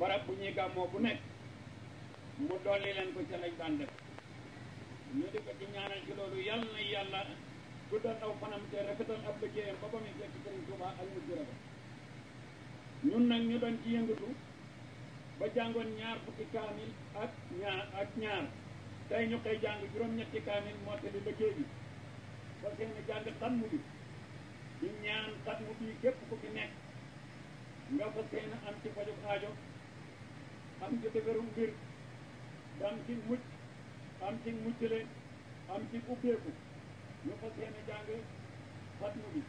barab bu ñuy gàmmoo bu nekk mu dolli leen ko ca lañ daan def ñu di ko ci ñaanal ci loolu yàlla na yàlla guddal aw fanam te rafetal ab liggéeyam ba ba mi fekk ci ñu Tuuba ak mu ba ñun nag ñu doon ci yëngatu ba jàngoon ñaar fukki kaamil ak ñaar ak ñaar tey ñu koy jàng juróom-ñetti kaamil mottali liggéey bi ba seen ñu jàng xatmu bi di ñaan mu bi képp ku fi nekk nga fas seen am ci fajub aajo am ci defarum bir am ci mucc am ci mucc leen am ci ubbeeku ñu fas seen jàng fatnu bi